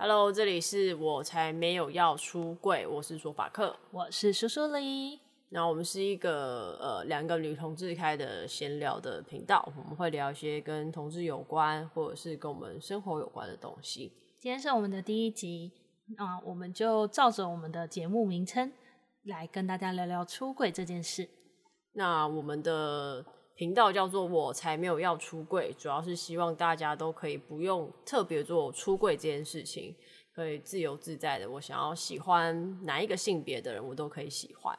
Hello，這裡是我才沒有要出櫃，我是卓法克，我是蘇蘇李。然後，我們是一個呃、兩個女同志開的閒聊的頻道，我們會聊一些跟同志有關或者是跟我們生活有關的東西。今天是我們的第一集，那我們就照着我們的節目名稱來跟大家聊聊出櫃這件事。那我們的。頻道叫做“我才沒有要出櫃”，主要是希望大家都可以不用特別做出櫃這件事情，可以自由自在的。我想要喜歡哪一個性別的人，我都可以喜歡。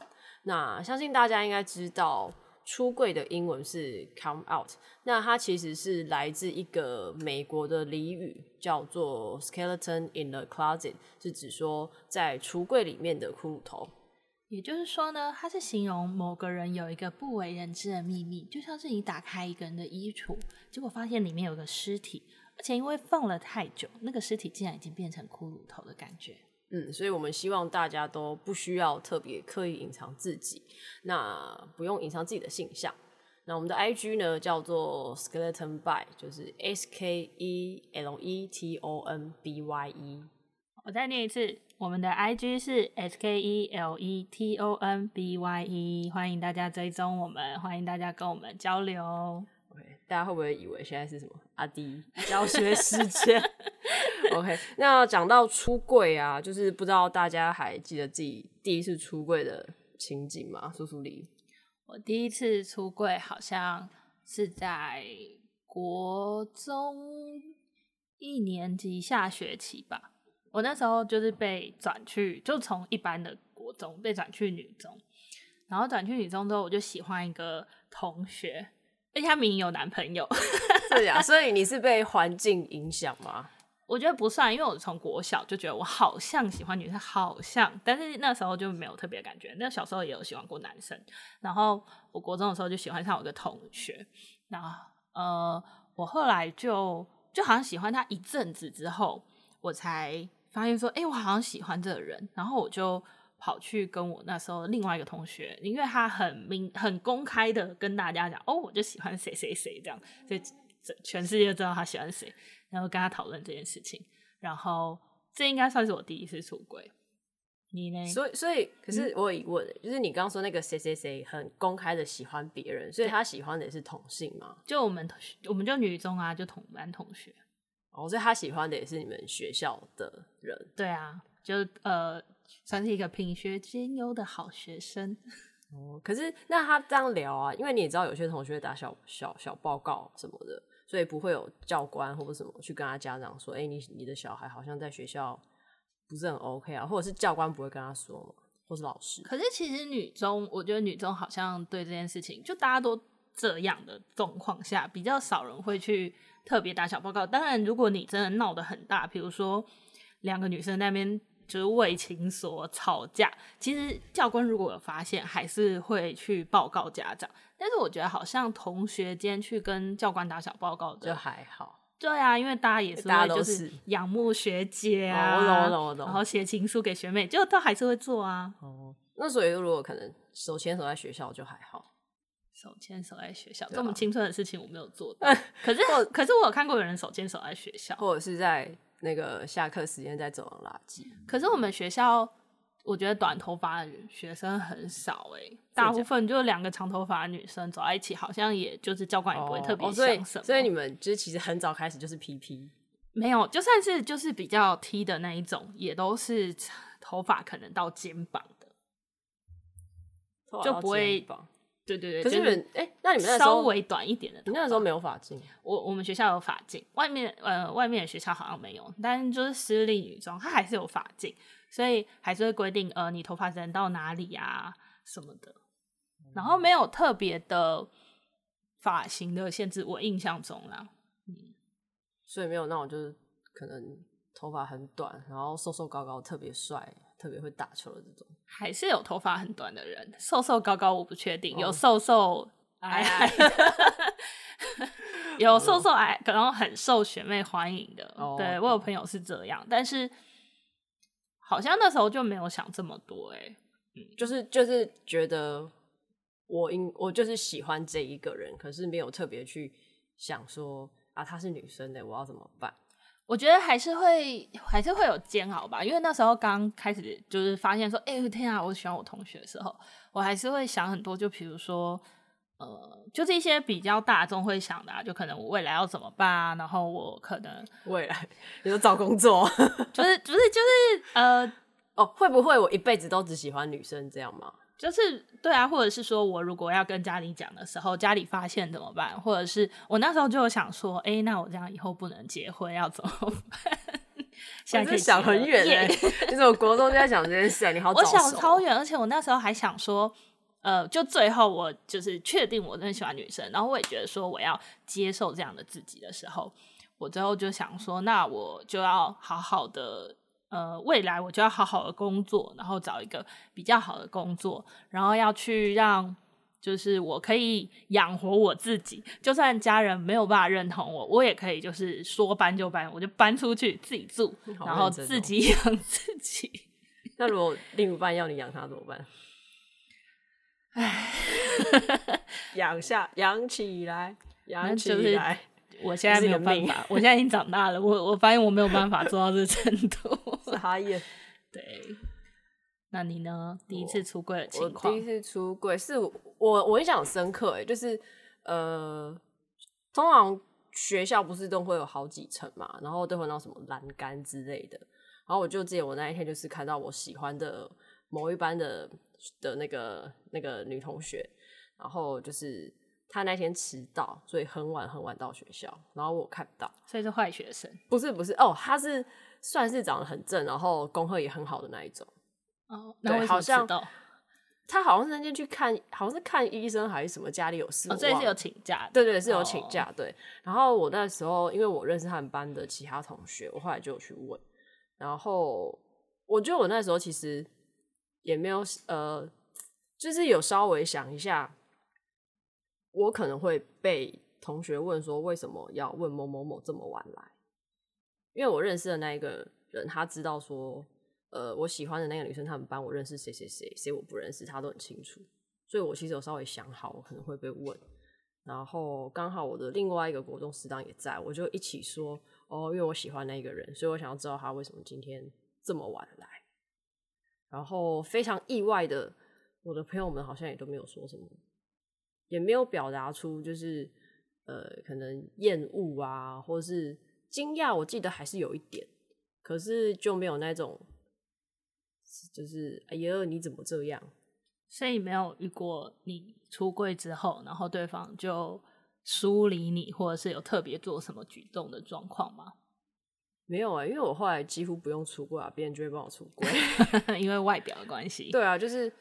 那相信大家應該知道，出櫃的英文是 “come out”。那它其實是來自一個美國的俚語，叫做 “skeleton in the closet”，是指說在櫥櫃裡面的骷髏頭。也就是說呢，它是形容某個人有一個不為人知的秘密，就像是你打開一個人的衣櫥，結果發現裡面有個屍體，而且因為放了太久，那個屍體竟然已經變成骷髏頭的感覺。嗯，所以我們希望大家都不需要特別刻意隱藏自己，那不用隱藏自己的形象。那我們的 I G 呢，叫做 Skeleton Bye，就是 S K E L E T O N B Y E。我再念一次。我們的 I G 是 S K E L E T O N B Y E，歡迎大家追蹤我們，歡迎大家跟我們交流。OK，大家會不會以為現在是什麼阿滴教學時間 ？OK，那講到出櫃啊，就是不知道大家還記得自己第一次出櫃的情景嗎？蘇蘇黎，我第一次出櫃好像是在國中一年級下學期吧。我那時候就是被轉去，就從一般的國中被轉去女中，然後轉去女中之後，我就喜歡一個同學，而且他明明有男朋友。是 啊，所以你是被環境影響嗎？ 我覺得不算，因為我從國小就覺得我好像喜歡女生，好像，但是那時候就沒有特別感覺。那小時候也有喜歡過男生，然後我國中的時候就喜歡上我一個同學，然後呃，我後來就就好像喜歡他一陣子之後，我才。發現說：“哎、欸，我好像喜歡這個人。”然後我就跑去跟我那時候另外一個同學，因為他很明、很公開的跟大家講：“哦，我就喜歡誰誰誰。”這樣，所以全世界都知道他喜歡誰，然後跟他討論這件事情。然後這應該算是我第一次出櫃。你呢？所以，所以，可是我我就是你剛剛說那個誰誰誰很公開的喜歡別人，所以他喜歡的是同性嗎？就我們同學，我們就女中啊，就同班同學。哦，所以他喜歡的也是你們學校的人，對啊，就呃，算是一個品學兼優的好學生。哦，可是那他這樣聊啊，因為你也知道，有些同學會打小小小報告什麼的，所以不會有教官或者什麼去跟他家長說，哎、欸，你你的小孩好像在學校不是很 OK 啊，或者是教官不會跟他說嘛，或是老師？可是其實女中，我覺得女中好像對這件事情就大家都。這樣的狀況下，比較少人會去特別打小報告。當然，如果你真的鬧得很大，比如說兩個女生在那邊就是為情所吵架，其實教官如果有發現，還是會去報告家長。但是我覺得，好像同學間去跟教官打小報告的就還好。對啊，因為大家也是會，就是仰慕學姐啊，oh, I know, I know, I know. 然後寫情書給學妹，就都還是會做啊。Oh, 那所以如果可能手牽手在學校就還好。手牽手在學校，這麼青春的事情我沒有做到。啊、 可是，可是我有看過有人手牽手在學校，或者是在那個下課時間在走廊垃圾。可是我們學校，我覺得短頭髮的學生很少哎、欸，大部分就兩個長頭髮女生走在一起，好像也就是教官也不會特別想什麼？哦哦、所以、所以你們就是其實很早開始就是 P P，沒有就算是就是比較 T 的那一種，也都是頭髮可能到肩膀的，頭髮到肩膀就不會。對對對，可是你們哎，那你們稍微短一點的，你那時候沒有髮禁，我我們學校有髮禁，外面呃外面的學校好像沒有，但就是私立女中，它還是有髮禁，所以還是會規定呃你頭髮剪到哪裡啊什麼的，然後沒有特別的髮型的限制，我印象中啦、嗯，所以沒有那種就是可能頭髮很短，然後瘦瘦高高特別帥。特別會打球的這種，還是有頭髮很短的人，瘦瘦高高，我不確定，有瘦瘦矮矮，有瘦瘦矮、 哦，可能很受學妹歡迎的。哦、對我有朋友是這樣，哦、但是好像那時候就沒有想這麼多、欸，哎，就是就是覺得我應我就是喜歡這一個人，可是沒有特別去想說啊，她是女生的、欸，我要怎麼辦？我覺得還是會，還是會有煎熬吧，因為那時候剛開始就是發現說，哎、欸，天啊，我喜歡我同學的時候，我還是會想很多，就比如說，呃，就是、一些比較大眾會想的啊，就可能我未來要怎麼辦啊，然後我可能未來，比如說找工作，就是不是就是、就是、呃，哦，會不會我一輩子都只喜歡女生這樣嗎？就是對啊，或者是說我如果要跟家裡講的時候，家裡發現怎麼辦？或者是我那時候就想說，哎，那我這樣以後不能結婚要怎麼辦？我是想很遠哎，其實我國中就在想這件事啊，你好，我想超遠，而且我那時候還想說，呃，就最後我就是確定我真的喜歡女生，然後我也覺得說我要接受這樣的自己的時候，我最後就想說，那我就要好好的。呃，未來我就要好好的工作，然後找一個比較好的工作，然後要去讓，就是我可以養活我自己。就算家人沒有辦法認同我，我也可以就是說搬就搬，我就搬出去自己住，然後自己養自己。 那如果另一半要你養他，怎麼辦？哎， 養下養起來，養起來。我現在沒有辦法，我現在已經長大了。我我發現我沒有辦法做到這程度。是哈對。那你呢？第一次出櫃的情況？第一次出櫃是我我印象很深刻，欸，就是呃，通常學校不是都會有好幾層嘛，然後都會弄什麼欄杆之類的。然後我就記得我那一天就是看到我喜歡的某一班的的那個那個女同學，然後就是。他那天遲到，所以很晚很晚到學校，然後我看不到，所以是壞學生。不是不是哦，他是算是長得很正，然後功課也很好的那一種哦。對，好像他好像是那天去看，好像是看醫生還是什麼，家裡有事，哦，所以是有請假的。對,對對，是有請假，哦。對。然後我那時候，因為我認識他們班的其他同學，我後來就有去問。然後我覺得我那時候其實也沒有呃，就是有稍微想一下。我可能會被同學問說為什麼要問某某某這麼晚來？因為我認識的那一個人，他知道說，呃，我喜歡的那個女生，他們班我認識誰誰誰，誰我不認識，他都很清楚。所以，我其實有稍微想好我可能會被問。然後剛好我的另外一個國中師長也在，我就一起說，哦，因為我喜歡那一個人，所以我想要知道他為什麼今天這麼晚來。然後非常意外的，我的朋友們好像也都沒有說什麼。也沒有表達出就是呃，可能厭惡啊，或是驚訝。我記得還是有一點，可是就沒有那種就是哎呦，你怎麼這樣？所以沒有遇過你出櫃之後，然後對方就疏離你，或者是有特別做什麼舉動的狀況嗎？沒有啊、欸，因為我後來幾乎不用出櫃啊，別人就會幫我出櫃， 因為外表的關係。對啊，就是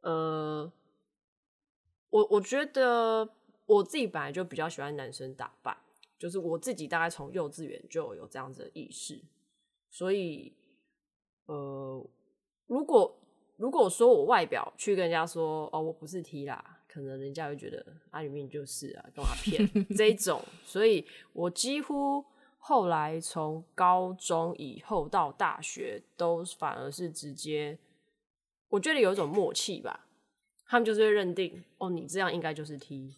呃。我我覺得我自己本來就比較喜歡男生打扮，就是我自己大概從幼稚園就有這樣子的意識，所以呃，如果如果說我外表去跟人家說哦，我不是 T 啦，可能人家會覺得啊，明明就是啊，跟我騙 這一種，所以我幾乎後來從高中以後到大學都反而是直接，我覺得有一種默契吧。他們就是會認定哦，你這樣應該就是 T。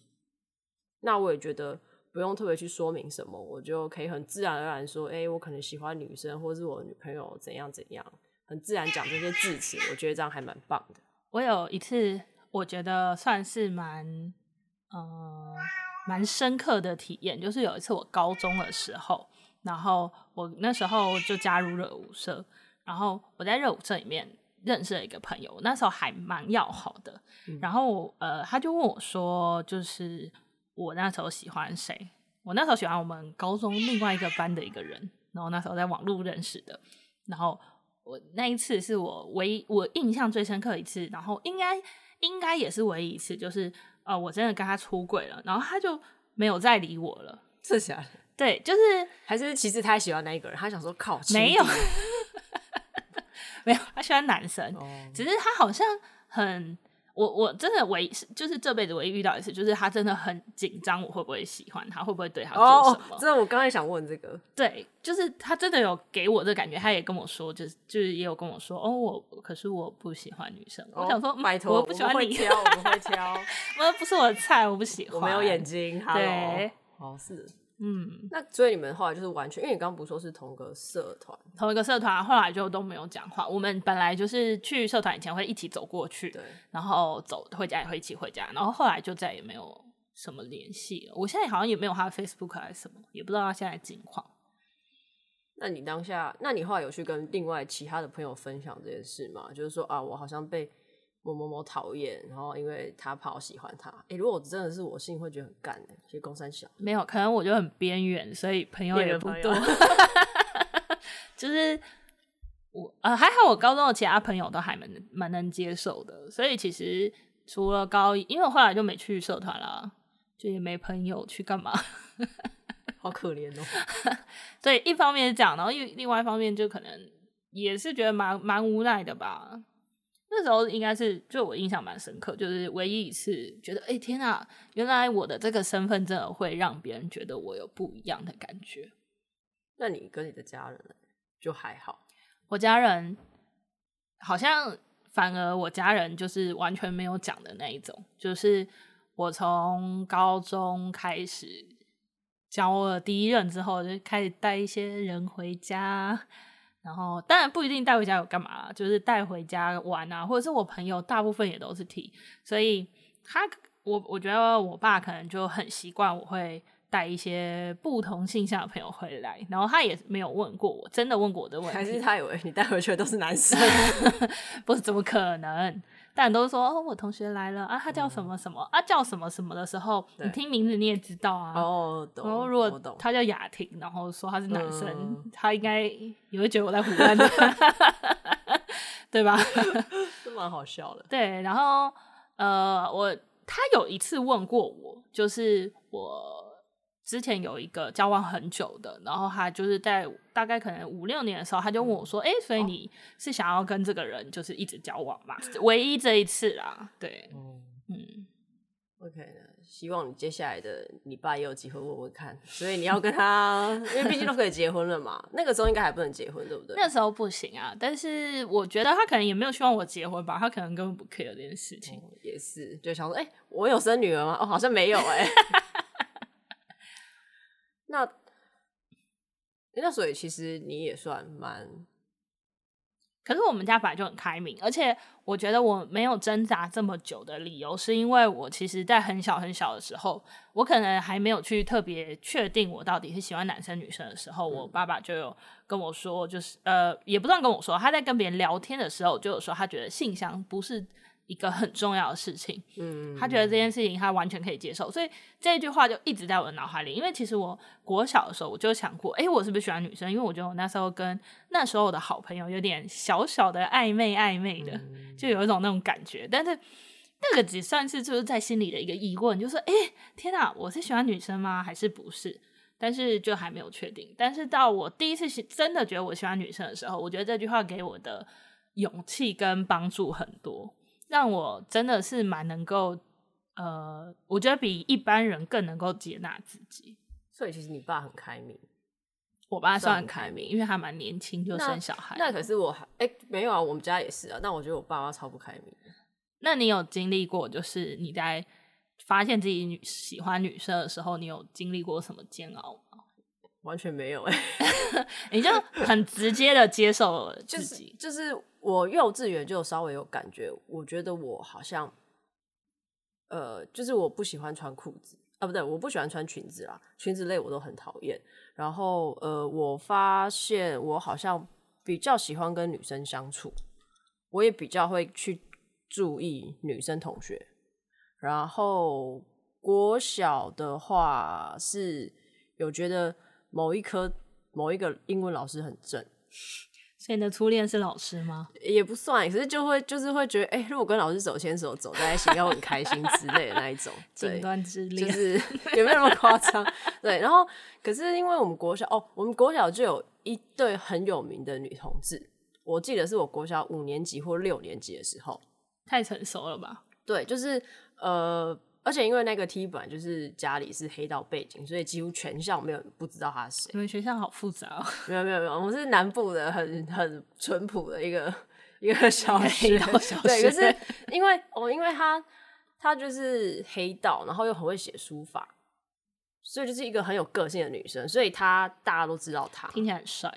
那我也覺得不用特別去說明什麼，我就可以很自然而然說，哎、欸，我可能喜歡女生，或是我女朋友怎樣怎樣，很自然講這些字詞，我覺得這樣還蠻棒的。我有一次，我覺得算是蠻，嗯、呃，蠻深刻的體驗，就是有一次我高中的時候，然後我那時候就加入熱舞社，然後我在熱舞社裡面。認識了一個朋友，那時候還蠻要好的。嗯、然後呃，他就問我說：“就是我那時候喜歡誰？”我那時候喜歡我們高中另外一個班的一個人。然後那時候在網絡認識的。然後我那一次是我唯一我印象最深刻一次。然後應該應該也是唯一一次，就是呃，我真的跟他出櫃了。然後他就沒有再理我了。這下對，就是還是其實他喜歡那一個人，他想說靠，沒有。沒有，他喜歡男生，只是他好像很我，我真的唯一就是這輩子唯一遇到一次，就是他真的很緊張，我會不會喜歡他，會不會對他做什麼？哦，真的，我剛才想問這個，對，就是他真的有給我的感覺，他也跟我說，就是就是也有跟我說，哦，我可是我不喜歡女生，哦、我想說，拜託。我不喜歡你，挑，我不會挑， 不是我的菜，我不喜歡，我沒有眼睛，好，哦，oh, 是。嗯，那所以你們後來就是完全，因為你剛剛不是說，是同個社團，同一個社團，後來就都沒有講話。我們本來就是去社團以前會一起走過去，對，然後走回家也會一起回家，然後後來就再也沒有什麼聯繫了。我現在好像也沒有他的 Facebook 還是什麼，也不知道他現在的情況。那你當下，那你後來有去跟另外其他的朋友分享這件事嗎？就是說啊，我好像被。我某某討厭，然後因為他怕我喜歡他、欸。如果真的是我，心裡會覺得很幹、欸、的。所以工三小沒有，可能我就很邊緣，所以朋友也不多。 就是我啊、呃，還好我高中的其他朋友都還蠻蠻能接受的。所以其實除了高一，因為我後來就沒去社團了，就也沒朋友去幹嘛， 好可憐憐哦。 所以一方面講，然後又另外一方面就可能也是覺得蠻蠻無奈的吧。那時候應該是，就我印象蠻深刻，就是唯一一次覺得，誒、欸，天吶，原來我的這個身份真的會讓別人覺得我有不一樣的感覺。那你跟你的家人就還好？我家人好像反而我家人就是完全沒有講的那一種，就是我從高中開始交我第一任之後，就開始帶一些人回家。然後當然不一定帶回家有幹嘛，就是帶回家玩啊，或者是我朋友大部分也都是 T，所以他我我覺得我爸可能就很習慣我會。帶一些不同性向的朋友回來，然後他也沒有問過我真的問過我的問題，還是他以為、欸、你帶回去的都是男生？ 不是怎麼可能？但都是說哦，我同學來了啊，他叫什麼什麼、嗯、啊，叫什麼什麼的時候，你聽名字你也知道啊。哦，然後、哦、如果他叫雅婷，然後說他是男生，嗯、他應該也會覺得我在唬爛、嗯， 對吧？這蠻好笑的。對，然後呃，我他有一次問過我，就是我。之前有一個交往很久的，然後他就是在大，大概可能五六年的時候，他就問我說：“哎、嗯欸，所以你是想要跟這個人就是一直交往嗎、哦？”唯一這一次啦。對，嗯，嗯，OK，希望你接下來的你爸也有機會問問看、嗯。所以你要跟他，因為畢竟都可以結婚了嘛， 那個時候應該還不能結婚，對不對？那時候不行啊，但是我覺得他可能也沒有希望我結婚吧，他可能根本不 care 這件事情。嗯、也是就想說，哎、欸，我有生女兒嗎？哦，好像沒有、欸，哎。 那那所以其實你也算蠻可是我們家本來就很開明，而且我覺得我沒有掙扎這麼久的理由，是因為我其實在很小很小的時候，我可能還沒有去特別確定我到底是喜歡男生女生的時候，嗯、我爸爸就有跟我說，就是呃，也不算跟我說，他在跟別人聊天的時候就有說，他覺得性向不是。一個很重要的事情，嗯，他覺得這件事情他完全可以接受，所以這句話就一直在我的腦海裡。因為其實我國小的時候我就想過，哎、欸，我是不是喜歡女生？因為我覺得我那時候跟那時候我的好朋友有點小小的曖昧，曖昧的、嗯，就有一種那種感覺。但是那個只算是就是在心裡的一個疑問，就是說，哎、欸，天哪、啊，我是喜歡女生嗎？還是不是？但是就還沒有確定。但是到我第一次真的覺得我喜歡女生的時候，我覺得這句話給我的勇氣跟幫助很多。讓我真的是蠻能夠，呃，我覺得比一般人更能夠接納自己。所以其實你爸很開明？我爸算開明，算很開明，因為他蠻年輕就生小孩那。那可是我，哎、欸，沒有啊，我們家也是啊。那我覺得我爸媽超不開明。那你有經歷過，就是你在發現自己女喜歡女生的時候，你有經歷過什麼煎熬？完全沒有哎、欸， 你就很直接的接受了自己、 就是。就是我幼稚園就稍微有感覺，我覺得我好像，呃，就是我不喜歡穿褲子啊，不對，我不喜歡穿裙子啦，裙子類我都很討厭。然後呃，我發現我好像比較喜歡跟女生相處，我也比較會去注意女生同學。然後國小的話是有覺得。某一科某一個英文老師很正，所以你的初戀是老師嗎？也不算，可是就會就是會覺得，哎、欸，如果跟老師手牽手走在一起，要很開心之類的那一種，極 端之戀，就是也沒有那麼誇張。 對，然後可是因為我們國小哦，我們國小就有一對很有名的女同志，我記得是我國小五年級或六年級的時候，太成熟了吧？對，就是呃。而且因為那個 T 本來就是家裡是黑道背景，所以幾乎全校沒有不知道他是誰。因為學校好複雜？沒有沒有沒有，我們是南部的很，很很淳樸的一個一個小黑道小學。可，就是因為我，哦，因為他他就是黑道，然後又很會寫書法，所以就是一個很有個性的女生。所以他大家都知道他。聽起來很帥。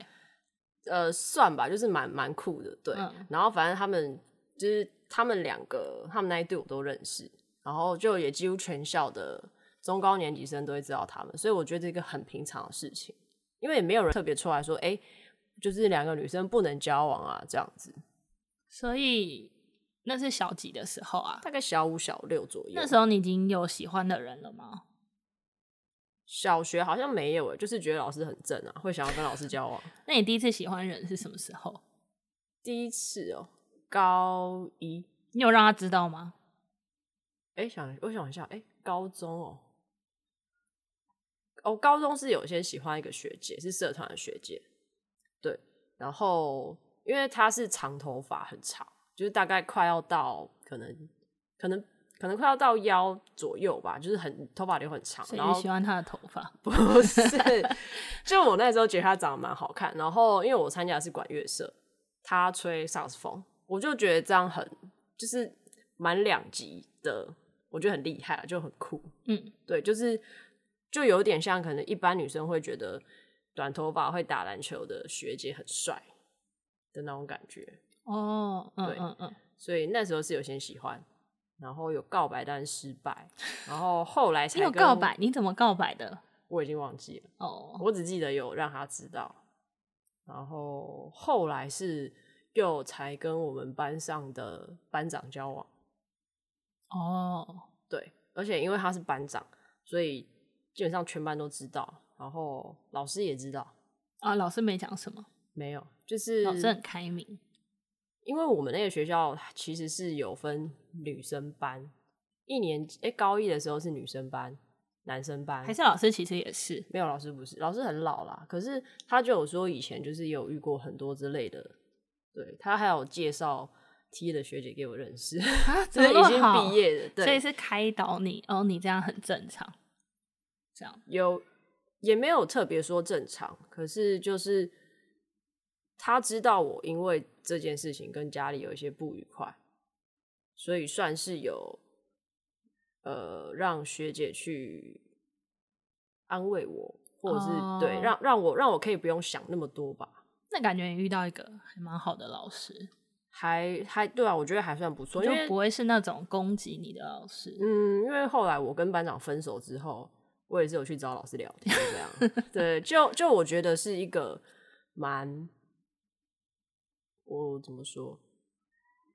呃，算吧，就是蠻蠻酷的。對，嗯，然後反正他們就是他們兩個，他們那一對我都認識。然後就也幾乎全校的中高年級生都會知道他們，所以我覺得這是一個很平常的事情，因為也沒有人特別出來說，哎、欸，就是兩個女生不能交往啊這樣子。所以那是小幾的時候啊，大概小五小六左右。那時候你已經有喜歡的人了嗎？小學好像沒有、欸，就是覺得老師很正啊，會想要跟老師交往。 那你第一次喜歡人是什麼時候？第一次哦、喔，高一。你有讓他知道嗎？哎、欸，想我想一下，哎、欸，高中哦，我、哦、高中是有些喜歡一個學姐，是社團的學姐，對，然後因為她是長頭髮很長，就是大概快要到可能可能可能快要到腰左右吧，就是很頭髮留很長，然後你喜歡她的頭髮， 不是，就我那時候覺得她長得蠻好看，然後因為我參加的是管樂社，她吹薩克斯風，我就覺得這樣很就是蠻兩極的。我覺得很厲害了，就很酷。嗯，對，就是就有點像可能一般女生會覺得短頭髮會打籃球的學姐很帥的那種感覺。哦，嗯，對，嗯嗯。所以那時候是有些喜歡，然後有告白，但失敗。然後後來才有告白，你怎麼告白的？我已經忘記了。哦，我只記得有讓他知道，然後後來是又才跟我們班上的班長交往。哦、oh.，對，而且因為他是班長，所以基本上全班都知道，然後老師也知道啊。Oh, 老師沒講什麼，沒有，就是老師很開明。因為我們那個學校其實是有分女生班，一年誒，高一的時候是女生班，男生班。還是老師其實也是？沒有，老師不是，老師很老了，可是他就有說以前就是有遇過很多之類的，對，他還有介紹。畢業的學姐給我認識，啊、怎麼 已經畢業了？對，所以是開導你哦。你這樣很正常，這樣有也沒有特別說正常，可是就是他知道我因為這件事情跟家裡有一些不愉快，所以算是有呃讓學姐去安慰我，或者是、哦、對讓讓我讓我可以不用想那麼多吧。那感覺你遇到一個還蠻好的老師。還還對啊，我覺得還算不錯，因為不會是那種攻擊你的老師。嗯，因為後來我跟班長分手之後，我也是有去找老師聊天這樣。 對，就就我覺得是一個蠻，我怎麼說，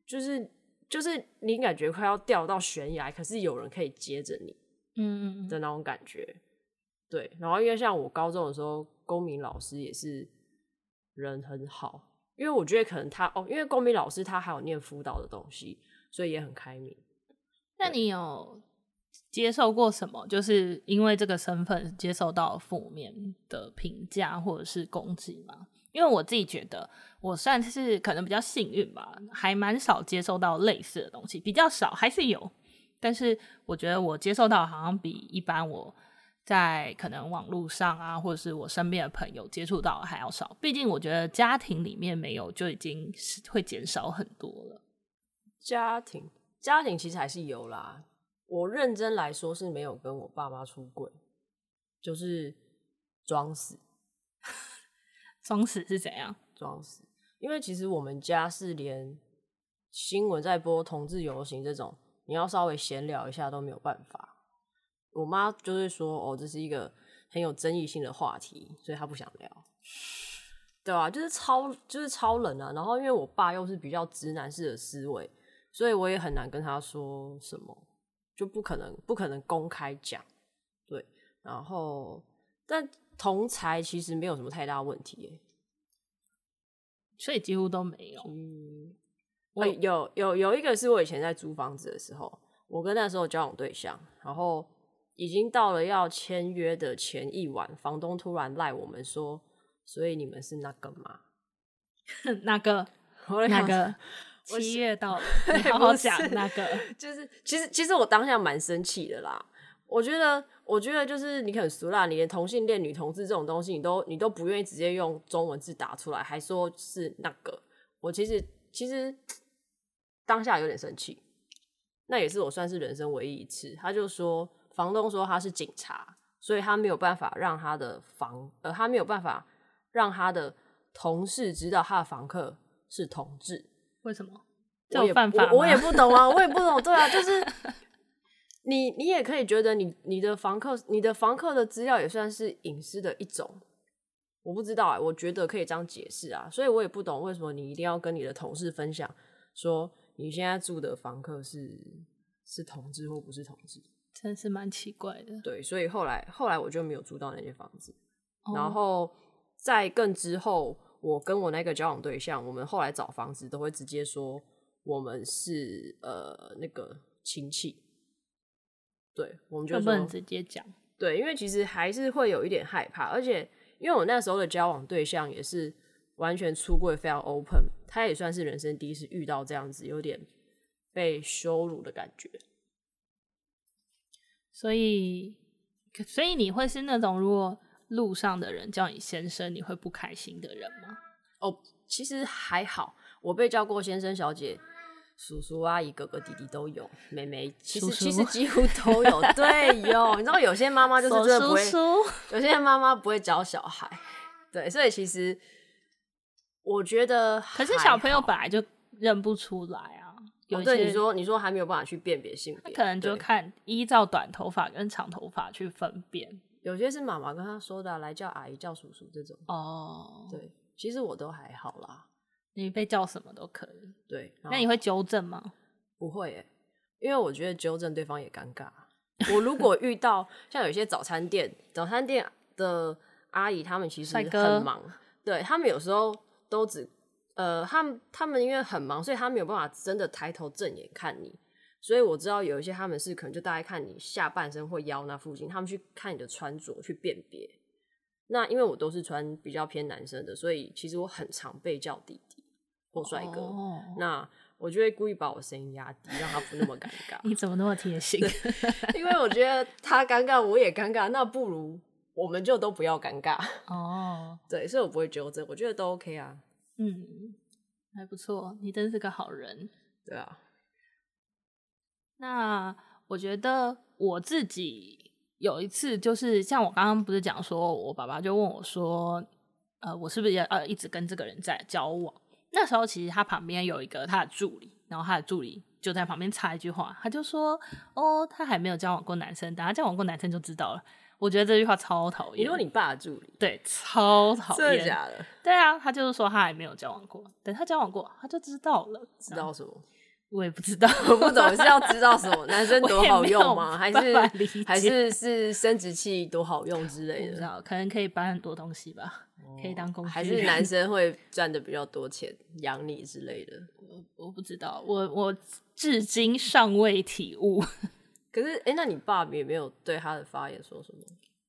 就是就是你感覺快要掉到懸崖，可是有人可以接着你，嗯嗯嗯的那種感覺。 對，然後因為像我高中的時候，公民老師也是人很好。因為我覺得可能他哦，因為公民老師他還有念輔導的東西，所以也很開明。那你有接受過什麼？就是因為這個身份接受到負面的評價或者是攻擊嗎？因為我自己覺得我算是可能比較幸運吧，還蠻少接受到類似的東西，比較少，還是有。但是我覺得我接受到好像比一般我。在可能網絡上啊，或者是我身邊的朋友接觸到還要少，畢竟我覺得家庭裡面沒有就已經是會減少很多了。家庭，家庭其實還是有啦。我認真來說是沒有跟我爸媽出櫃，就是裝死。裝 死是怎樣？裝死？因為其實我們家是連新聞在播同志遊行這種，你要稍微閒聊一下都沒有辦法。我媽就是說，哦，這是一個很有爭議性的話題，所以她不想聊，對吧？啊？就是超就是超冷啊。然後因為我爸又是比較直男式的思維，所以我也很難跟他說什麼，就不可能不可能公開講，對。然後但同儕，其實沒有什麼太大問題，欸，所以幾乎都沒有。嗯，我、欸、有有有一個是我以前在租房子的時候，我跟那時候交往對象，然後。已經到了要簽約的前一晚，房東突然賴我們說，所以你們是那個嗎？那個？那、那個我？七月到了， 你好好講。那、 那個？就是其實其實，其實我當下蠻生氣的啦。我覺得我覺得就是你很俗啦，你連同性戀女同志這種東西，你都你都不願意直接用中文字打出來，還說是那個。我其實其實當下有點生氣，那也是我算是人生唯一一次。他就說。房東說他是警察，所以他沒有辦法讓他的房，呃，他沒有辦法讓他的同事知道他的房客是同志。為什麼？這犯法嗎？我也,我,我也不懂啊， 我也不懂。對啊，就是你，你也可以覺得你你的房客，你的房客的資料也算是隱私的一種。我不知道欸，我覺得可以這樣解釋啊，所以我也不懂為什麼你一定要跟你的同事分享，說你現在住的房客是是同志或不是同志。真是蠻奇怪的。對，所以後來後來我就沒有租到那間房子。Oh. 然後在更之後，我跟我那個交往對象，我們後來找房子都會直接說我們是呃那個親戚。對，我們就不能直接講。對，因為其實還是會有一點害怕，而且因為我那時候的交往對象也是完全出櫃非常 open，他也算是人生第一次遇到這樣子，有點被羞辱的感覺。所以，所以你會是那種如果路上的人叫你先生，你會不開心的人嗎？哦，其實還好，我被叫過先生、小姐、叔叔、啊、阿姨、哥哥、弟弟都有，妹妹其實叔叔其實幾乎都有。 對，有，你知道有些媽媽就是真的不會蘇蘇，有些媽媽不會教小孩。對，所以其實我覺得，可是小朋友本來就認不出來啊。我、哦、對你說，你說還沒有辦法去辨別性別，他可能就看依照短頭髮跟長頭髮去分辨。有些是媽媽跟他說的，啊，來叫阿姨叫叔叔這種。哦、oh，對，其實我都還好啦，你被叫什麼都可以。對，那你會糾正嗎？不會、欸，因為我覺得糾正對方也尷尬。我如果遇到 像有些早餐店，早餐店的阿姨他們其實很忙，對他們有時候都只。呃，他們他們因為很忙，所以他們沒有辦法真的抬頭正眼看你。所以我知道有一些他們是可能就大概看你下半身或腰那附近，他們去看你的穿着去辨別。那因為我都是穿比較偏男生的，所以其實我很常被叫弟弟或帥哥。Oh. 那我就會故意把我聲音壓低，讓他不那麼尷尬。 你怎麼那麼貼心？ 因為我覺得他尷尬，我也尷尬，那不如我們就都不要尷尬。哦、oh.，對，所以我不會糾正，我覺得都 OK 啊。嗯，還不錯，你真是個好人。對啊，那我覺得我自己有一次，就是像我剛剛不是講說，我爸爸就問我說，呃，我是不是要呃一直跟這個人在交往？那時候其實他旁邊有一個他的助理，然後他的助理就在旁邊插一句話，他就說，哦，他還沒有交往過男生，等他交往過男生就知道了。我覺得這句話超討厭，因為你爸的助理對，超討厭。是真的假的？對啊，他就是說他還沒有交往過，等他交往過他就知道了。知道什麼？我也不知道，我不懂是要知道什麼， 男生多好用嗎？還是還是是生殖器多好用之類的？可能可以搬很多東西吧，哦、可以當工具。還是男生會賺的比較多錢養你之類的？我我不知道，我我至今尚未體悟。可是，哎、欸，那你爸也沒有對他的發言說什麼？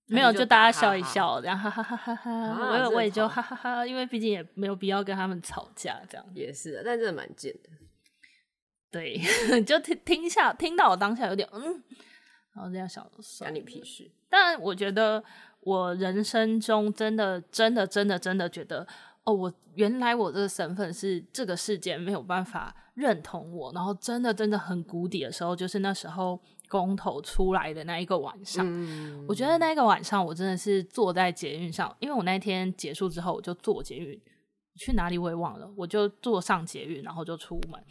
沒有，就，就大家笑一笑，然後哈哈哈哈哈、哈、哈、哈、啊、我也，我也就哈哈哈、哈，因為畢竟也沒有必要跟他們吵架，這樣也是的、啊。但這蠻賤的，對， 就聽聽一下聽到我當下有點嗯，然後這樣想關你屁事。但我覺得我人生中真的、真的、真的、真的、真的覺得哦，我原來我的身份是這個世界沒有辦法認同我，然後真的真的很谷底的時候，就是那時候。公投出來的那一個晚上，嗯，我覺得那一個晚上我真的是坐在捷運上，因為我那天結束之後我就坐捷運去哪裡我也忘了，我就坐上捷運然後就出門，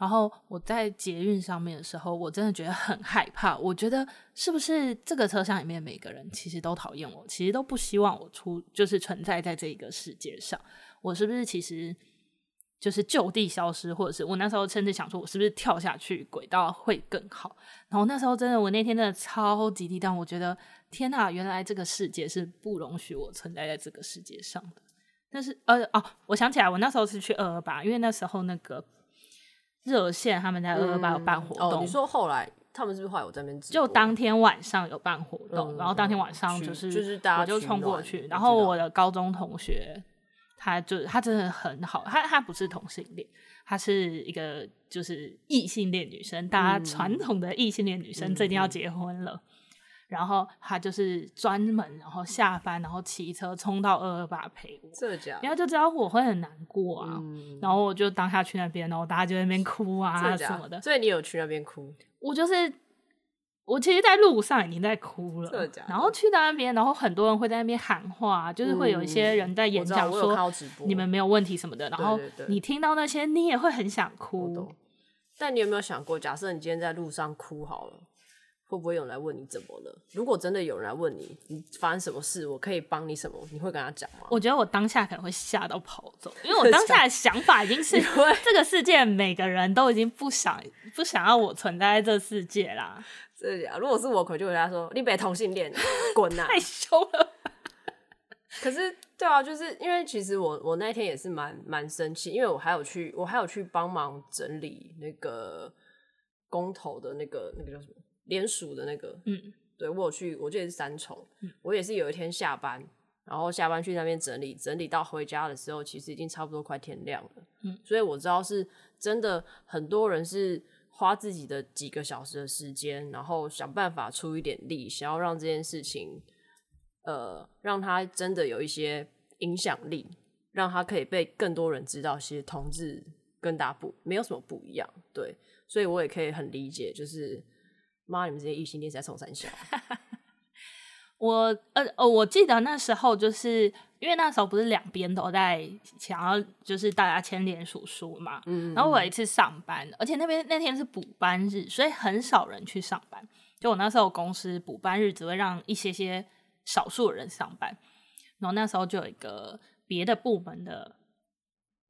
然後我在捷運上面的時候，我真的覺得很害怕，我覺得是不是這個車廂裡面每個人其實都討厭我，其實都不希望我出，就是存在在這一個世界上，我是不是其實？就是就地消失，或者是我那時候甚至想說，我是不是跳下去軌道會更好？然後那時候真的，我那天真的超級低檔。我覺得天哪、啊，原來這個世界是不容許我存在在這個世界上的。但是，呃，哦、啊，我想起來，我那時候是去二二八，因為那時候那個熱線他們在二二八有辦活動。嗯哦、你說後來他們是不是還有我在那邊？就當天晚上有辦活動，嗯、然後當天晚上就是就是大家我就衝過去，然後我的高中同學。他就是他真的很好，他他不是同性戀，他是一個就是異性戀女生。大家傳統的異性戀女生最近要結婚了，嗯、然後他就是專門然後下班然後騎車衝到二二八陪我，這假，然後就知道我會很難過啊、嗯，然後我就當下去那邊，然後大家就在那邊哭啊什麼的，所以你有去那邊哭，我就是。我其實在路上已經在哭了，真的假的。然後去到那邊，然後很多人會在那邊喊話，就是會有一些人在演講說，嗯，你們沒有問題什麼的，然後你聽到那些，你也會很想哭。對對對。但你有沒有想過，假設你今天在路上哭好了？會不會有人來問你怎麼了？如果真的有人來問你，你發生什麼事，我可以幫你什麼？你會跟他講嗎？我覺得我當下可能會嚇到跑走，因為我當下的想法已經是 這個世界每個人都已經不想 不想要我存在在這個世界啦。如果是我，我就跟他說：“你別同性戀，滾！” 太凶兇了。 可是，對啊，就是因為其實我我那天也是蠻蠻生氣，因為我還有去我還有去幫忙整理那個公投的那個那個叫什麼？連署的那個，嗯，對，我有去，我覺得是三重、嗯，我也是有一天下班，然後下班去那邊整理，整理到回家的時候，其實已經差不多快天亮了，嗯，所以我知道是真的，很多人是花自己的幾個小時的時間，然後想辦法出一點力，想要讓這件事情，呃，讓它真的有一些影響力，讓他可以被更多人知道。些同志跟大家沒有什麼不一樣，對，所以我也可以很理解，就是。媽，你們這些異性戀在送三小？ 我，呃，哦，我記得那時候，就是因為那時候不是兩邊都在想要就是大家簽連署書嘛，嗯嗯嗯，然後我有一次上班，而且那邊那天是補班日，所以很少人去上班。就我那時候公司補班日只會讓一些些少數人上班，然後那時候就有一個別的部門的。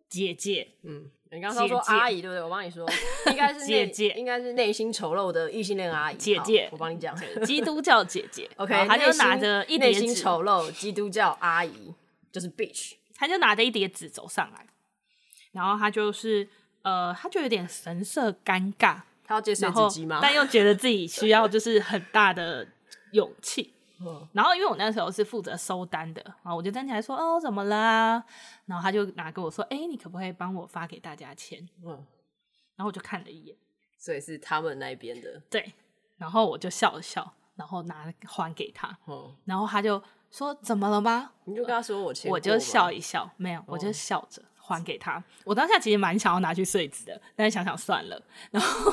姐姐，嗯，姐姐你剛剛說，說阿姨姐姐對不對？我幫你說，應該是姐姐，應該是內心醜陋的異性戀阿姨。姐姐，我幫你講，基督教姐姐 ，OK，他就拿着一疊紙內，內心醜陋，基督教阿姨就是 bitch，他就拿着一疊紙走上來，然後他就是，呃，他就有點神色尷尬，他要接受自己嗎？ 但又覺得自己需要就是很大的勇氣。嗯，然後，因為我那時候是負責收單的，然後我就站起來說：“哦，怎麼啦？”然後他就拿給我說：“哎，你可不可以幫我發給大家錢？”嗯，然後我就看了一眼，所以是他們那邊的。對，然後我就笑了笑，然後拿還給他。嗯，然後他就說：“怎麼了嗎？”你就跟他說我錢。我就笑一笑，沒有，我就笑着。哦還給他，我當下其實蠻想要拿去碎紙的，但是想想算了。然後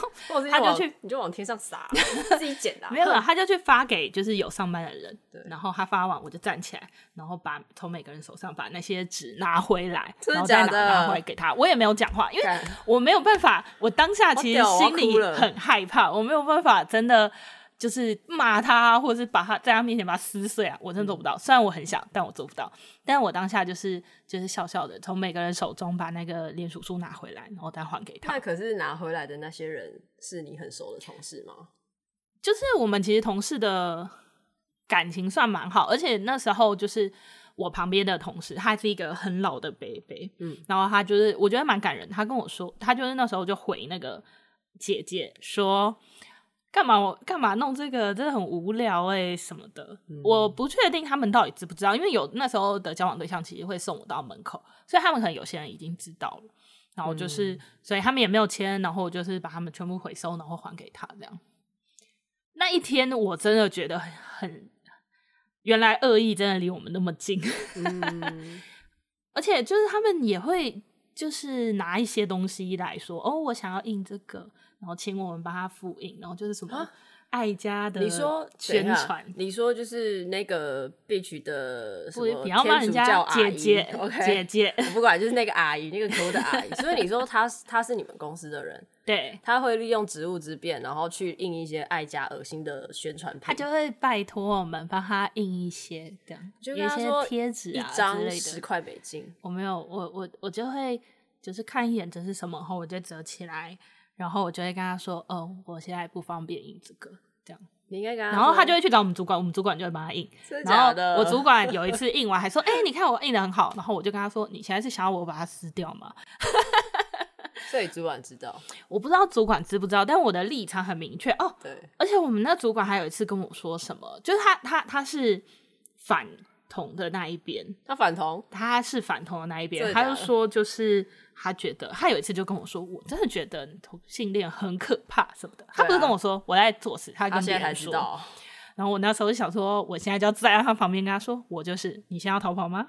他就去，就 你就往天上撒，啊，你自己撿的、啊。 沒有了， 他就去發給就是有上班的人。然後他發完，我就站起來，然後把從每個人手上把那些紙拿回來，這是然後再拿回來給他。我也沒有講話，因為我沒有辦法，我當下其實心裡很害怕，我，我沒有辦法，真的。就是罵他，或者是把他在他面前把他撕碎啊。我真的做不到，嗯、雖然我很想，但我做不到。但我當下就是就是笑笑的，從每個人手中把那個連署書拿回來，然後再還給他。那可是拿回來的那些人是你很熟的同事嗎？就是我們其實同事的感情算蠻好，而且那時候就是我旁邊的同事，他是一個很老的北北，嗯，然後他就是我覺得蠻感人，他跟我說，他就是那時候就回那個姐姐說。幹嘛，我幹嘛弄這個真的很無聊哎、欸，什麼的，嗯、我不確定他們到底知不知道，因為有那時候的交往對象其實會送我到門口，所以他們可能有些人已經知道了，然後就是、嗯、所以他們也沒有簽，然後我就是把他們全部回收，然後還給他這樣。那一天我真的覺得很，很，原來惡意真的離我們那麼近，嗯、 而且就是他們也會就是拿一些東西來說，哦，我想要印這個。然後請我們幫他複印，然後就是什麼愛家的，啊，你說宣傳，你說就是那個 beach 的什麼天不，不要幫人家叫姐姐，OK，姐姐，我不管，就是那個阿姨， 那個狗的阿姨。所以你說他她是你們公司的人，對， 他會利用職務之便，然後去印一些愛家噁心的宣傳牌。他就會拜託我們幫他印一些，對，就跟他說貼紙、啊、之類的一張十塊美金。我沒有，我我我就會就是看一眼這是什麼，然後我就折起來。然後我就會跟他說：“哦，我現在不方便印這個，這樣你應該。”然後他就會去找我們主管，我們主管就會幫他印。真的假的？我主管有一次印完還說：“哎、 欸，你看我印得很好。”然後我就跟他說：“你現在是想要我把它撕掉嗎？” 所以主管知道？我不知道主管知不知道，但我的立場很明確哦。對。而且我們那主管還有一次跟我說什麼，就是他他他是反同的那一邊，他反同，他是反同的那一邊，真的假的。他就說就是。他覺得，他有一次就跟我說：“我真的覺得同性戀很可怕什麼的。啊”他不是跟我說我在做事，他跟別人說。然後我那時候就想說，我現在就要在他旁邊跟他說：“我就是，你先要逃跑嗎？”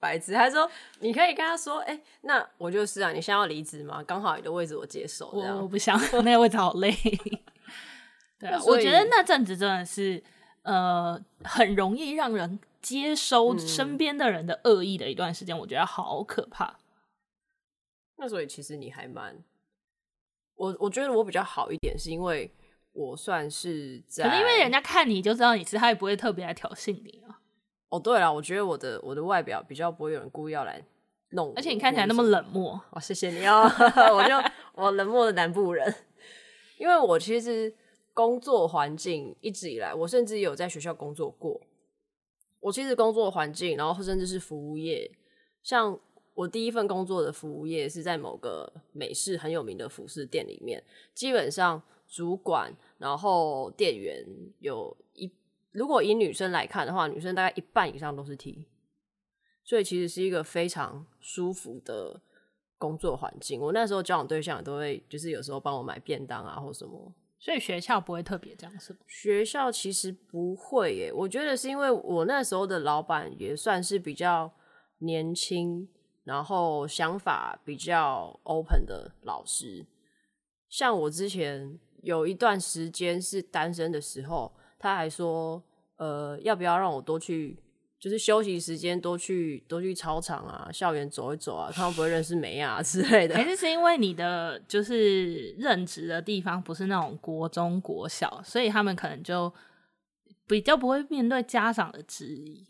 白痴！他說：“你可以跟他說，哎、欸，那我就是啊，你先要離職嗎？剛好你的位置我接受。”我我不想，我那個位置好累。 對、啊、我覺得那陣子真的是呃，很容易讓人接收身邊的人的惡意的一段時間、嗯，我覺得好可怕。那所以其實你還蠻我，我覺得我比較好一點，是因為我算是在，可是因為人家看你就知道你吃，他也不會特別來挑釁你、啊、哦，對了，我覺得我的我的外表比較不會有人故意要來弄，而且你看起來那麼冷漠，我哦，謝謝你哦， 我就我冷漠的南部人，因為我其實工作環境一直以來，我甚至有在學校工作過，我其實工作環境，然後甚至是服務業，像。我第一份工作的服務業是在某個美式很有名的服飾店裡面，基本上主管，然後店員有一，如果以女生來看的話，女生大概一半以上都是 T，所以其實是一個非常舒服的工作環境。我那時候交往對象也都會就是有時候幫我買便當啊或什麼，所以學校不會特別這樣是不是？學校其實不會誒，我覺得是因為我那時候的老闆也算是比較年輕。然後想法比較 open 的老師，像我之前有一段時間是單身的時候，他還說，呃，要不要讓我多去，就是休息時間多去多去操場啊，校園走一走啊，看會不會認識妹啊之類的。還、欸、是、就是因為你的就是任職的地方不是那種國中、國小，所以他們可能就比較不會面對家長的質疑。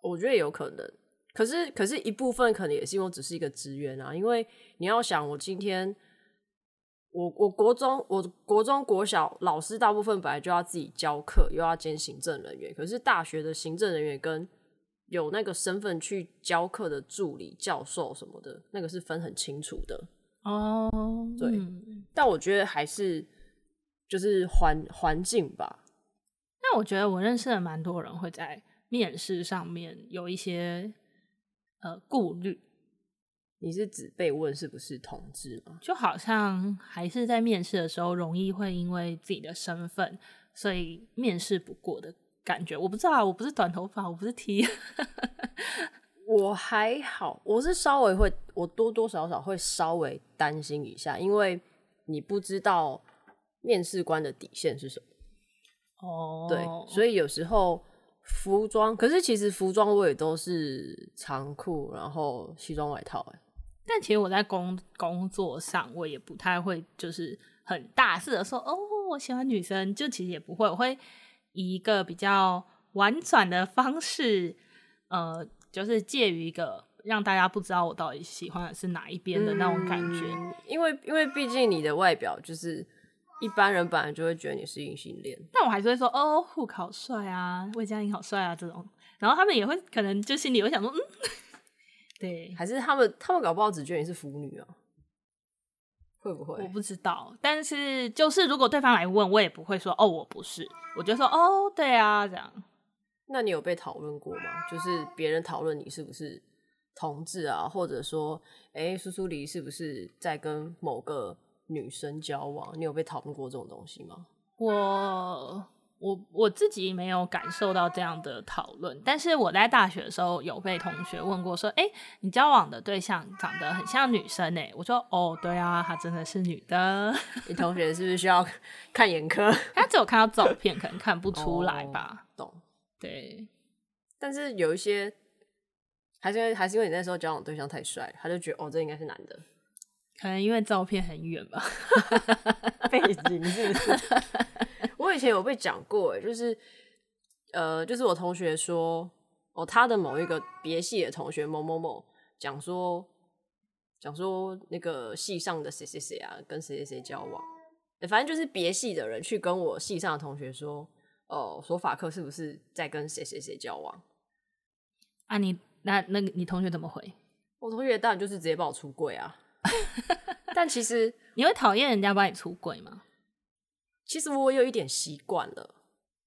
我覺得有可能。可是，可是一部分可能也是因為只是一個職員啊，因為你要想，我今天我我國中我國中國小老師大部分本來就要自己教課，又要兼行政人員。可是大學的行政人員跟有那個身份去教課的助理教授什麼的，那個是分很清楚的哦。Oh, 對、嗯，但我覺得還是就是環環境吧。那我覺得我認識的蠻多人會在面試上面有一些。呃，顧慮，你是指被問是不是同志嗎？就好像還是在面試的時候，容易會因為自己的身份，所以面試不過的感覺。我不知道，我不是短頭髮，我不是 T， 我還好。我是稍微會，我多多少少會稍微擔心一下，因為你不知道面試官的底線是什麼。哦，對，所以有時候。服裝，可是其實服裝我也都是長褲，然後西裝外套。哎，但其實我在工工作上，我也不太會，就是很大聲的說，哦，我喜歡女生。就其實也不會，我會以一個比較婉轉的方式，呃，就是介於一個讓大家不知道我到底喜歡的是哪一邊的那種感覺。嗯，因為，因為畢竟你的外表就是。一般人本來就會覺得你是異性戀，但我還是會說哦，胡好帥啊，魏佳音好帥啊這種。然後他們也會可能就心裡會想說，嗯，對，還是他們他們搞不好只覺得你是腐女啊，會不會？我不知道，但是就是如果對方來問，我也不會說哦，我不是，我就說哦，對啊，這樣。那你有被討論過嗎？就是別人討論你是不是同志啊，或者說，哎、欸，蘇蘇黎是不是在跟某個？女生交往，你有被討論過這種東西嗎？我我我自己沒有感受到這樣的討論，但是我在大學的時候有被同學問過，說：“欸，你交往的對象長得很像女生欸。”我說：“哦，對啊，她真的是女的。”你同學是不是需要看眼科？ 他只有看到照片，可能看不出來吧。哦，懂。對，但是有一些還是因為還是因為你那時候交往對象太帥，他就覺得哦，這應該是男的。可能因為照片很遠吧， 背景是，是。 我以前有被講過，欸，就是呃，就是我同學說，哦，他的某一個別系的同學某某某講說，講說那個系上的誰誰誰啊，跟誰誰誰交往，欸，反正就是別系的人去跟我系上的同學說，哦，呃，說法科是不是在跟誰誰誰交往？啊，你，你那那你同學怎麼回？我同學當然就是直接幫我出櫃啊。 但其實你會討厭人家把你出櫃嗎？其實我有一點習慣了，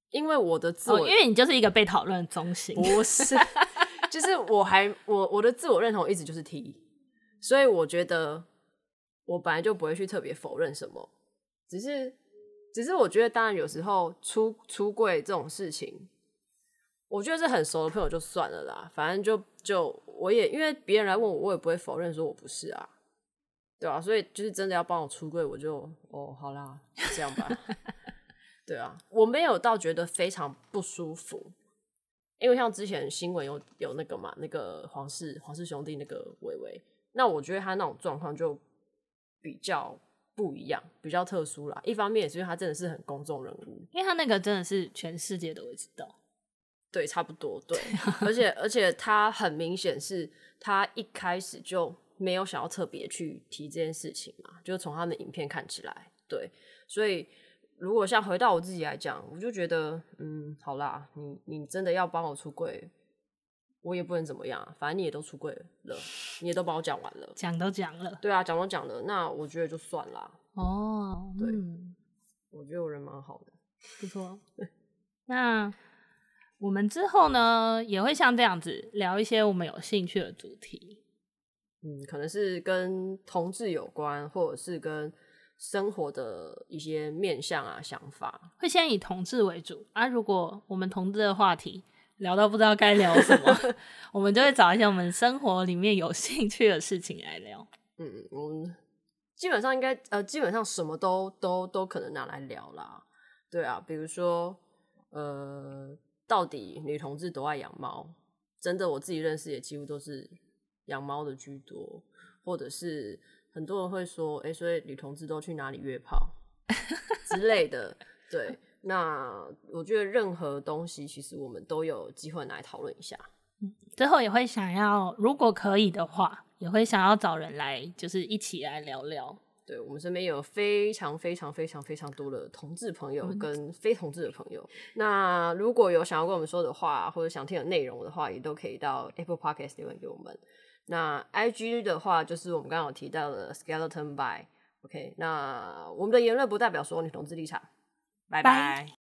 因為我的自我，哦、因為你就是一個被討論的中心。不是， 就是我還我我的自我認同一直就是 T，所以我覺得我本來就不會去特別否認什麼，只是只是我覺得，當然有時候出出櫃這種事情，我覺得是很熟的朋友就算了啦，反正就就我也因為別人來問我，我也不會否認說我不是啊。對啊，所以就是真的要幫我出櫃，我就哦，好啦，這樣吧。 對啊，我沒有到覺得非常不舒服，因為像之前新聞有有那個嘛，那個黃氏黃氏兄弟那個瑋瑋，那我覺得他那種狀況就比較不一樣，比較特殊啦。一方面也是因為他真的是很公眾人物，因為他那個真的是全世界都知道。對，差不多對， 而且而且他很明顯是，他一開始就。沒有想要特別去提這件事情嘛，就是從他的影片看起來，對，所以如果像回到我自己來講，我就覺得，嗯，好啦，你你真的要幫我出櫃，我也不能怎麼樣。啊，反正你也都出櫃了，你也都幫我講完了，講都講了，對啊，講都講了，那我覺得就算啦，哦，對，嗯、我覺得我人蠻好的，不錯， 那我們之後呢，也會像這樣子聊一些我們有興趣的主題。嗯，可能是跟同志有關，或者是跟生活的一些面向啊、想法，會先以同志為主啊。如果我們同志的話題聊到不知道該聊什麼， 我們就會找一些我們生活裡面有興趣的事情來聊。嗯，嗯基本上應該呃，基本上什麼都都都可能拿來聊啦。對啊，比如說呃，到底女同志多愛養貓？真的，我自己認識也幾乎都是。養貓的居多，或者是很多人會說：“哎、欸，所以女同志都去哪裡約炮之類的？” 對，那我覺得任何東西其實我們都有機會來討論一下。之、嗯、後也會想要，如果可以的話，也會想要找人來，就是一起來聊聊。對，我們身邊有非常非常非常非常多的同志朋友跟非同志的朋友，嗯、那如果有想要跟我們說的話，或者想聽的內容的話，也都可以到 Apple Podcast 裡面給我們。那 I G 的話就是我們剛剛有提到的 Skeleton by，OK, okay。那我們的言論不代表說女同志立場，拜拜。Bye.